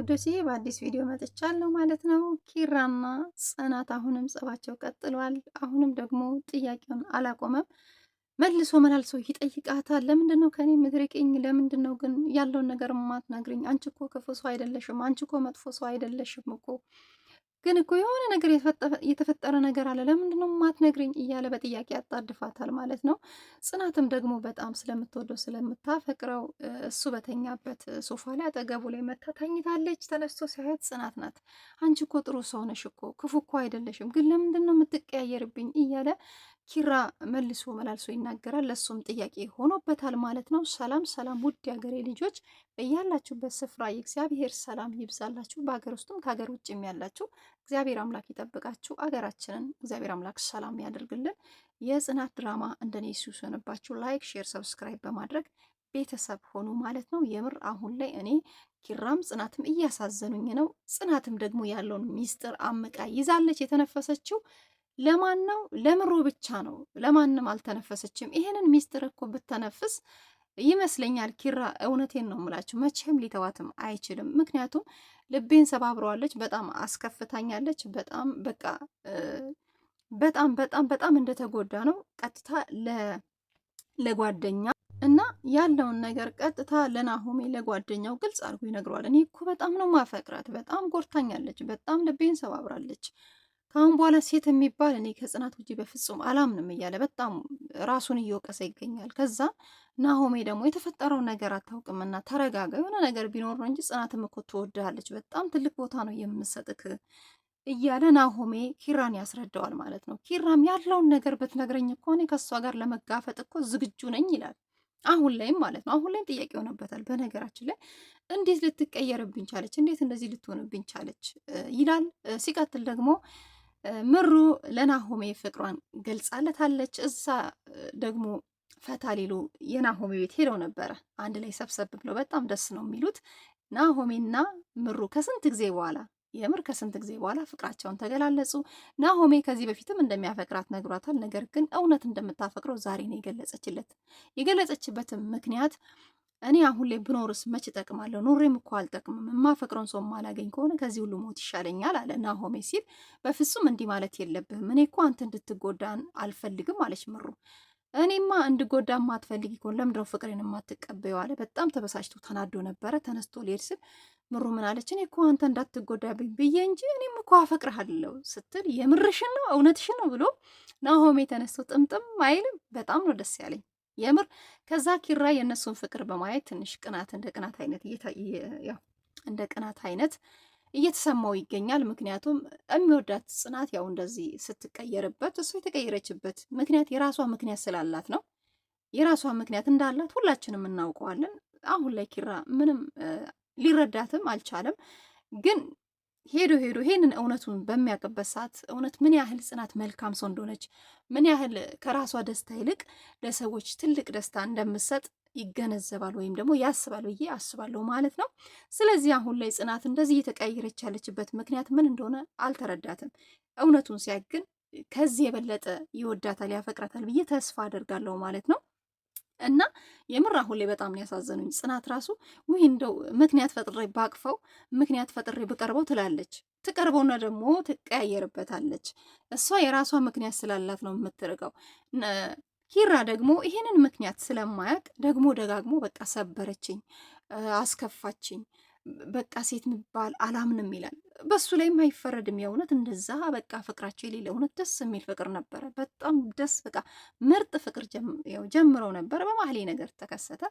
ቅዱሴ በአዲስ ቪዲዮ መጥቻለሁ ማለት ነው። ኪራና ጽናት አሁንም ጸባቸው ቀጥሏል። አሁንም ደግሞ ጥያቄውን አላቆመም። መልሶ መላልሶ ይጠይቃታል። ለምንድን ነው ከኔ ምትርቅኝ? ለምንድን ነው ግን ያለውን ነገር ማትነግርኝ? አንቺ እኮ ክፉ ሰው አይደለሽም። አንቺ እኮ መጥፎ ሰው አይደለሽም እኮ ግን እኮ የሆነ ነገር የተፈጠረ ነገር አለ ለምንድነው ማትነግርኝ እያለ በጥያቄ ያጣድፋታል ማለት ነው። ጽናትም ደግሞ በጣም ስለምትወደው ስለምታፈቅረው እሱ በተኛበት ሶፋ ላይ አጠገቡ ላይ መታ ተኝታለች። ተነስቶ ሲያየት ጽናት ናት። አንቺ እኮ ጥሩ ሰው ነሽ እኮ ክፉ እኮ አይደለሽም፣ ግን ለምንድነው የምትቀያየርብኝ? እያለ ኪራ መልሶ መላልሶ ይናገራል። ለእሱም ጥያቄ ሆኖበታል ማለት ነው። ሰላም ሰላም፣ ውድ የሀገሬ ልጆች በያላችሁበት ስፍራ የእግዚአብሔር ሰላም ይብዛላችሁ። በሀገር ውስጥም ከሀገር ውጭም ያላችሁ እግዚአብሔር አምላክ ይጠብቃችሁ። አገራችንን እግዚአብሔር አምላክ ሰላም ያደርግልን። የጽናት ድራማ እንደኔ ሲውሰንባችሁ ላይክ፣ ሼር፣ ሰብስክራይብ በማድረግ ቤተሰብ ሆኑ ማለት ነው። የምር አሁን ላይ እኔ ኪራም ጽናትም እያሳዘኑኝ ነው። ጽናትም ደግሞ ያለውን ሚስጥር አምቃ ይዛለች የተነፈሰችው ለማን ነው? ለምሮ ብቻ ነው። ለማንም አልተነፈሰችም። ይሄንን ሚስጥር እኮ ብተነፍስ ይመስለኛል ኪራ፣ እውነቴን ነው የምላችሁ፣ መቼም ሊተዋትም አይችልም። ምክንያቱም ልቤን ሰባብረዋለች፣ በጣም አስከፍታኛለች። በጣም በቃ በጣም በጣም በጣም እንደተጎዳ ነው ቀጥታ ለጓደኛ እና ያለውን ነገር ቀጥታ ለናሆሜ ለጓደኛው ግልጽ አድርጎ ይነግረዋል። እኔ እኮ በጣም ነው ማፈቅራት፣ በጣም ጎርታኛለች፣ በጣም ልቤን ሰባብራለች ከአሁን በኋላ ሴት የሚባል እኔ ከጽናት ውጭ በፍጹም አላምንም እያለ በጣም ራሱን እየወቀሰ ይገኛል። ከዛ ናሆሜ ደግሞ የተፈጠረው ነገር አታውቅምና ተረጋጋ፣ የሆነ ነገር ቢኖር ነው እንጂ ጽናትም እኮ ትወድሃለች፣ በጣም ትልቅ ቦታ ነው የምሰጥክ እያለ ናሆሜ ኪራን ያስረዳዋል ማለት ነው። ኪራም ያለውን ነገር ብትነግረኝ እኮ እኔ ከእሷ ጋር ለመጋፈጥ እኮ ዝግጁ ነኝ ይላል። አሁን ላይም ማለት ነው። አሁን ላይም ጥያቄ ሆነበታል። በነገራችን ላይ እንዴት ልትቀየርብኝ ቻለች? እንዴት እንደዚህ ልትሆንብኝ ቻለች? ይላል። ሲቀጥል ደግሞ ምሩ ለናሆሜ ፍቅሯን ገልጻለታለች። እዛ ደግሞ ፈታ ሊሉ የናሆሜ ቤት ሄደው ነበረ። አንድ ላይ ሰብሰብ ብለው በጣም ደስ ነው የሚሉት። ናሆሜና ምሩ ከስንት ጊዜ በኋላ የምር ከስንት ጊዜ በኋላ ፍቅራቸውን ተገላለጹ። ናሆሜ ከዚህ በፊትም እንደሚያፈቅራት ነግሯታል። ነገር ግን እውነት እንደምታፈቅረው ዛሬ ነው የገለጸችለት። የገለጸችበትም ምክንያት እኔ አሁን ላይ ብኖርስ መች እጠቅማለሁ? ኖሬም እኮ አልጠቅምም። የማፈቅረውን ሰው ማላገኝ ከሆነ ከዚህ ሁሉ ሞት ይሻለኛል አለ ናሆሜ ሲል፣ በፍጹም እንዲህ ማለት የለብህም። እኔ እኮ አንተ እንድትጎዳ አልፈልግም አለች ምሩ። እኔማ እንድጎዳ ማትፈልግ ይኮን ለምንድነው ፍቅሬን የማትቀበዩ? አለ በጣም ተበሳጭቶ ተናዶ ነበረ። ተነስቶ ሊሄድ ስል ምሩ ምን አለች? እኔ እኮ አንተ እንዳትጎዳብኝ ብዬ እንጂ እኔም እኮ አፈቅርሃለሁ ስትል የምርሽን ነው እውነትሽን ነው ብሎ ናሆሜ ተነስቶ ጥምጥም አይልም። በጣም ነው ደስ ያለኝ። የምር ከዛ ኪራ የእነሱን ፍቅር በማየት ትንሽ ቅናት እንደ ቅናት አይነት እንደ ቅናት አይነት እየተሰማው ይገኛል። ምክንያቱም የሚወዳት ጽናት ያው እንደዚህ ስትቀየርበት እሱ የተቀየረችበት ምክንያት የራሷ ምክንያት ስላላት ነው። የራሷ ምክንያት እንዳላት ሁላችንም እናውቀዋለን። አሁን ላይ ኪራ ምንም ሊረዳትም አልቻለም። ግን ሄዶ ሄዶ ይሄንን እውነቱን በሚያውቅበት ሰዓት እውነት ምን ያህል ጽናት መልካም ሰው እንደሆነች ምን ያህል ከራሷ ደስታ ይልቅ ለሰዎች ትልቅ ደስታ እንደምትሰጥ ይገነዘባል ወይም ደግሞ ያስባል ብዬ አስባለሁ ማለት ነው። ስለዚህ አሁን ላይ ጽናት እንደዚህ እየተቀያየረች ያለችበት ምክንያት ምን እንደሆነ አልተረዳትም። እውነቱን ሲያግን ከዚህ የበለጠ ይወዳታል፣ ያፈቅራታል ብዬ ተስፋ አደርጋለሁ ማለት ነው። እና የምር አሁን ላይ በጣም ነው ያሳዘኑኝ። ጽናት ራሱ ውይ እንደው ምክንያት ፈጥሬ ባቅፈው ምክንያት ፈጥሬ ብቀርበው ትላለች። ትቀርበውና ደግሞ ትቀያየርበታለች። እሷ የራሷ ምክንያት ስላላት ነው የምትርቀው። ኪራ ደግሞ ይሄንን ምክንያት ስለማያውቅ ደግሞ ደጋግሞ በቃ ሰበረችኝ፣ አስከፋችኝ፣ በቃ ሴት የሚባል አላምንም ይላል። በሱ ላይም አይፈረድም። የእውነት እንደዛ በቃ ፍቅራቸው የሌለ እውነት ደስ የሚል ፍቅር ነበረ። በጣም ደስ በቃ ምርጥ ፍቅር ጀምረው ነበረ። በማህሌ ነገር ተከሰተ።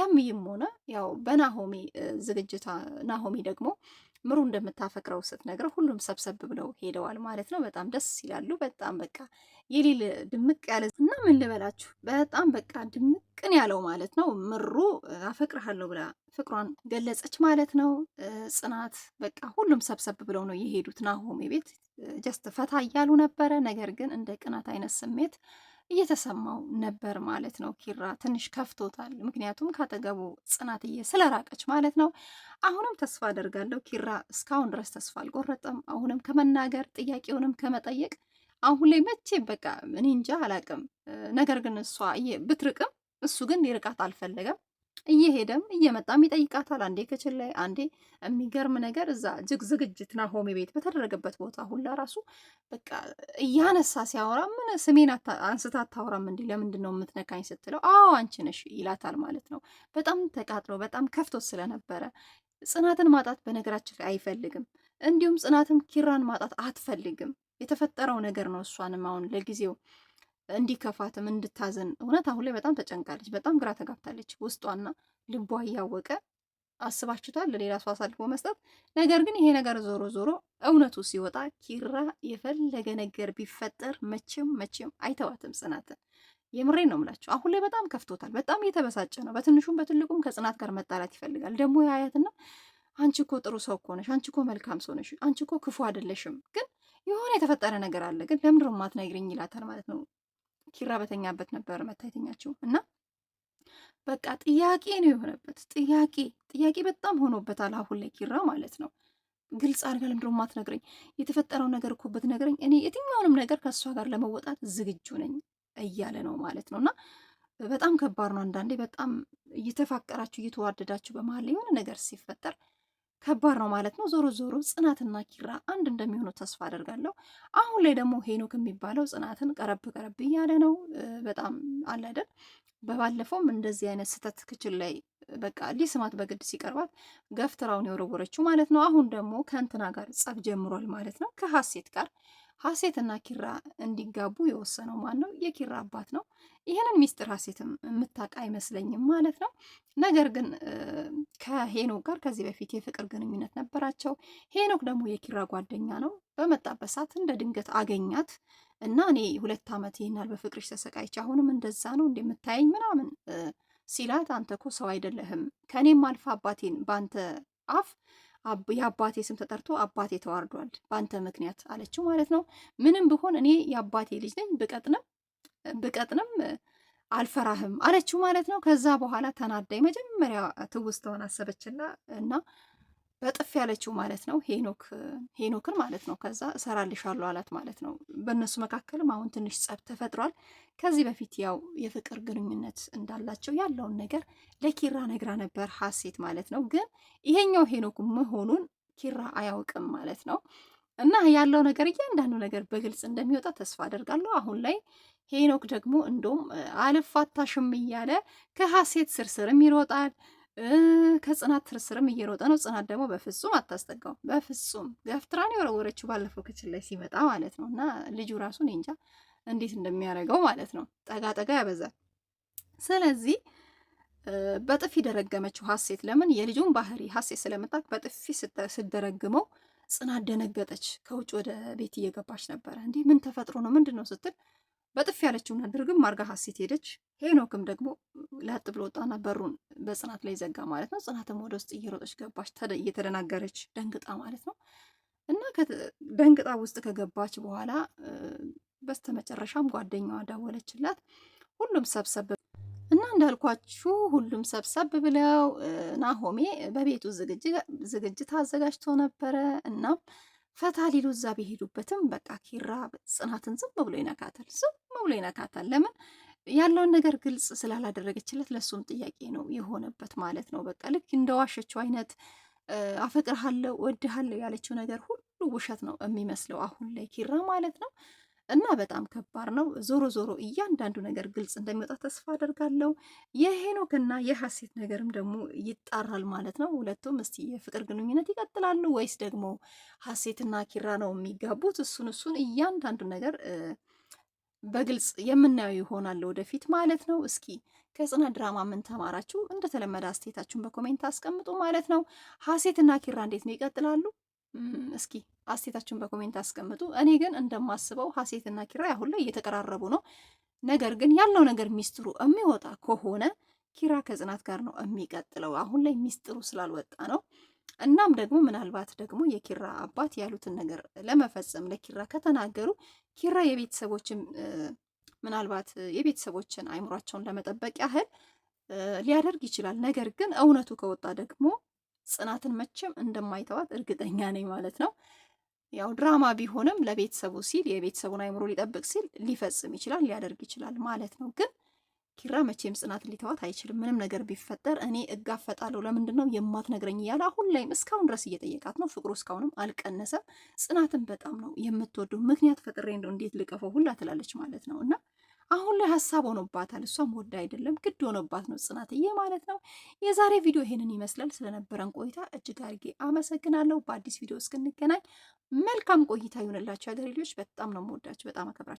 ያም ይህም ሆነ ያው በናሆሚ ዝግጅቷ ናሆሚ ደግሞ ምሩ እንደምታፈቅረው ስትነግረው ሁሉም ሰብሰብ ብለው ሄደዋል ማለት ነው። በጣም ደስ ይላሉ። በጣም በቃ የሌለ ድምቅ ያለ እና ምን ልበላችሁ በጣም በቃ ድምቅን ያለው ማለት ነው። ምሩ አፈቅርሃለሁ ብላ ፍቅሯን ገለጸች ማለት ነው። ጽናት በቃ ሁሉም ሰብሰብ ብለው ነው የሄዱት ናሆሜ ቤት ጀስት ፈታ እያሉ ነበረ። ነገር ግን እንደ ቅናት አይነት ስሜት እየተሰማው ነበር ማለት ነው። ኪራ ትንሽ ከፍቶታል። ምክንያቱም ካጠገቡ ጽናትዬ ስለራቀች ማለት ነው። አሁንም ተስፋ አደርጋለሁ ኪራ እስካሁን ድረስ ተስፋ አልቆረጠም። አሁንም ከመናገር ጥያቄውንም ከመጠየቅ አሁን ላይ መቼ በቃ እኔ እንጃ አላቅም። ነገር ግን እሷ ብትርቅም እሱ ግን ሊርቃት አልፈለገም። እየሄደም እየመጣም ይጠይቃታል። አንዴ ክችል ላይ አንዴ የሚገርም ነገር እዛ ጅግ ዝግጅት ናሆሜ ቤት በተደረገበት ቦታ ሁላ ራሱ በቃ እያነሳ ሲያወራ ምን ስሜን አንስታ አታወራም እንዲ ለምንድን ነው የምትነካኝ ስትለው አዎ አንቺ ነሽ ይላታል ማለት ነው። በጣም ተቃጥሎ በጣም ከፍቶት ስለነበረ ጽናትን ማጣት በነገራችን ላይ አይፈልግም። እንዲሁም ጽናትም ኪራን ማጣት አትፈልግም። የተፈጠረው ነገር ነው እሷንም አሁን ለጊዜው እንዲከፋትም እንድታዘን እውነት አሁን ላይ በጣም ተጨንቃለች። በጣም ግራ ተጋብታለች። ውስጧና ልቧ እያወቀ አስባችሁታል ለሌላ ሰው አሳልፎ መስጠት። ነገር ግን ይሄ ነገር ዞሮ ዞሮ እውነቱ ሲወጣ ኪራ የፈለገ ነገር ቢፈጠር መቼም መቼም አይተዋትም ጽናትን። የምሬ ነው ምላቸው አሁን ላይ በጣም ከፍቶታል። በጣም እየተበሳጨ ነው። በትንሹም በትልቁም ከጽናት ጋር መጣላት ይፈልጋል። ደግሞ የአያትና አንቺ እኮ ጥሩ ሰው እኮ ነሽ፣ አንቺ እኮ መልካም ሰው ነሽ፣ አንቺ እኮ ክፉ አይደለሽም፣ ግን የሆነ የተፈጠረ ነገር አለ፣ ግን ለምንድን ነው የማትነግሪኝ ይላታል ማለት ነው ኪራ በተኛበት ነበር መታ እና በቃ ጥያቄ ነው የሆነበት። ጥያቄ ጥያቄ በጣም ሆኖበታል አሁን ላይ ኪራ ማለት ነው። ግልጽ አድርጋ ለምድሮ ማትነግረኝ የተፈጠረው ነገር እኮ ብትነግረኝ እኔ የትኛውንም ነገር ከእሷ ጋር ለመወጣት ዝግጁ ነኝ እያለ ነው ማለት ነው። እና በጣም ከባድ ነው አንዳንዴ። በጣም እየተፋቀራችሁ እየተዋደዳችሁ በመሀል የሆነ ነገር ሲፈጠር ከባድ ነው ማለት ነው። ዞሮ ዞሮ ጽናትና ኪራ አንድ እንደሚሆኑ ተስፋ አደርጋለሁ። አሁን ላይ ደግሞ ሄኖክ የሚባለው ጽናትን ቀረብ ቀረብ እያለ ነው። በጣም አለ አይደል? በባለፈውም እንደዚህ አይነት ስህተት ክችል ላይ በቃ ሊስማት በግድ ሲቀርባት ገፍትራውን የወረወረችው ማለት ነው። አሁን ደግሞ ከእንትና ጋር ጸብ ጀምሯል ማለት ነው ከሀሴት ጋር ሀሴትና ኪራ እንዲጋቡ የወሰነው ማን ነው? የኪራ አባት ነው። ይህንን ሚስጥር ሀሴትም የምታውቅ አይመስለኝም ማለት ነው። ነገር ግን ከሄኖክ ጋር ከዚህ በፊት የፍቅር ግንኙነት ነበራቸው። ሄኖክ ደግሞ የኪራ ጓደኛ ነው። በመጣበት ሰዓት እንደ ድንገት አገኛት እና እኔ ሁለት ዓመት ይህናል በፍቅርሽ ተሰቃይች አሁንም እንደዛ ነው እንደምታየኝ ምናምን ሲላት አንተ እኮ ሰው አይደለህም ከእኔም አልፋ አባቴን በአንተ አፍ የአባቴ ስም ተጠርቶ አባቴ ተዋርዷል በአንተ ምክንያት አለችው ማለት ነው። ምንም ብሆን እኔ የአባቴ ልጅ ነኝ ብቀጥንም ብቀጥንም አልፈራህም አለችው ማለት ነው። ከዛ በኋላ ተናዳኝ መጀመሪያ ትውስታውን አሰበችና እና በጥፍ ያለችው ማለት ነው ሄኖክ ሄኖክን ማለት ነው። ከዛ እሰራልሻለሁ አላት ማለት ነው። በእነሱ መካከልም አሁን ትንሽ ጸብ ተፈጥሯል። ከዚህ በፊት ያው የፍቅር ግንኙነት እንዳላቸው ያለውን ነገር ለኪራ ነግራ ነበር ሀሴት ማለት ነው። ግን ይሄኛው ሄኖክ መሆኑን ኪራ አያውቅም ማለት ነው። እና ያለው ነገር እያንዳንዱ ነገር በግልጽ እንደሚወጣ ተስፋ አደርጋለሁ። አሁን ላይ ሄኖክ ደግሞ እንደውም አልፋታሽም እያለ ከሀሴት ስርስርም ይሮጣል ከጽናት ትርስርም እየሮጠ ነው። ጽናት ደግሞ በፍጹም አታስጠጋው፣ በፍጹም ገፍትራን የወረወረችው ባለፈው ክችል ላይ ሲመጣ ማለት ነው። እና ልጁ ራሱን እንጃ እንዴት እንደሚያደርገው ማለት ነው። ጠጋ ጠጋ ያበዛል። ስለዚህ በጥፊ ደረገመችው ሀሴት። ለምን የልጁን ባህሪ ሀሴት ስለምታውቅ በጥፊ ስደረግመው ጽናት ደነገጠች። ከውጭ ወደ ቤት እየገባች ነበረ። እንዲህ ምን ተፈጥሮ ነው ምንድን ነው ስትል በጥፍ ያለችውን አድርግም አርጋ ሀሴት ሄደች። ሄኖክም ደግሞ ለጥ ብሎ ወጣና በሩን በጽናት ላይ ዘጋ ማለት ነው። ጽናትም ወደ ውስጥ እየሮጠች ገባች፣ እየተደናገረች ደንግጣ ማለት ነው። እና ደንግጣ ውስጥ ከገባች በኋላ በስተመጨረሻም ጓደኛዋ ደወለችላት። ሁሉም ሰብሰብ እና እንዳልኳችሁ ሁሉም ሰብሰብ ብለው ናሆሜ በቤቱ ዝግጅት አዘጋጅቶ ነበረ እና ፈታ ሊሉ እዛ ቢሄዱበትም በቃ ኪራ ጽናትን ዝም ብሎ ይነካታል። ዝም ብሎ ይነካታል። ለምን ያለውን ነገር ግልጽ ስላላደረገችለት ለእሱም ጥያቄ ነው የሆነበት ማለት ነው። በቃ ልክ እንደዋሸችው አይነት አፈቅርሃለሁ፣ ወድሃለሁ ያለችው ነገር ሁሉ ውሸት ነው የሚመስለው አሁን ላይ ኪራ ማለት ነው። እና በጣም ከባድ ነው። ዞሮ ዞሮ እያንዳንዱ ነገር ግልጽ እንደሚወጣ ተስፋ አደርጋለሁ። የሄኖክ እና የሀሴት ነገርም ደግሞ ይጣራል ማለት ነው። ሁለቱም እስቲ የፍቅር ግንኙነት ይቀጥላሉ ወይስ ደግሞ ሀሴትና ኪራ ነው የሚጋቡት? እሱን እሱን እያንዳንዱ ነገር በግልጽ የምናየው ይሆናል ወደፊት ማለት ነው። እስኪ ከጽናት ድራማ ምን ተማራችሁ? እንደተለመደ አስተያየታችሁን በኮሜንት አስቀምጡ ማለት ነው። ሀሴትና ኪራ እንዴት ነው ይቀጥላሉ? እስኪ አስቴታችሁን በኮሜንት አስቀምጡ። እኔ ግን እንደማስበው ሀሴትና ኪራ አሁን ላይ እየተቀራረቡ ነው። ነገር ግን ያለው ነገር ሚስጥሩ የሚወጣ ከሆነ ኪራ ከጽናት ጋር ነው የሚቀጥለው። አሁን ላይ ሚስጥሩ ስላልወጣ ነው። እናም ደግሞ ምናልባት ደግሞ የኪራ አባት ያሉትን ነገር ለመፈጸም ለኪራ ከተናገሩ ኪራ የቤተሰቦችን ምናልባት የቤተሰቦችን አይምሯቸውን ለመጠበቅ ያህል ሊያደርግ ይችላል። ነገር ግን እውነቱ ከወጣ ደግሞ ጽናትን መቼም እንደማይተዋት እርግጠኛ ነኝ ማለት ነው። ያው ድራማ ቢሆንም ለቤተሰቡ ሲል የቤተሰቡን አይምሮ ሊጠብቅ ሲል ሊፈጽም ይችላል ሊያደርግ ይችላል ማለት ነው። ግን ኪራ መቼም ጽናት ሊተዋት አይችልም። ምንም ነገር ቢፈጠር እኔ እጋፈጣለሁ፣ ለምንድን ነው የማትነግረኝ እያለ አሁን ላይም እስካሁን ድረስ እየጠየቃት ነው። ፍቅሩ እስካሁንም አልቀነሰም። ጽናትን በጣም ነው የምትወደው። ምክንያት ፈጥሬ እንደው እንዴት ልቀፈው ሁላ ትላለች ማለት ነው እና አሁን ላይ ሀሳብ ሆኖባታል። እሷም ወዳ አይደለም ግድ ሆኖባት ነው ጽናትዬ ማለት ነው። የዛሬ ቪዲዮ ይሄንን ይመስላል። ስለነበረን ቆይታ እጅግ አድርጌ አመሰግናለሁ። በአዲስ ቪዲዮ እስክንገናኝ መልካም ቆይታ ይሆንላችሁ። ሀገሬ ልጆች በጣም ነው የምወዳችሁ፣ በጣም አከብራችሁ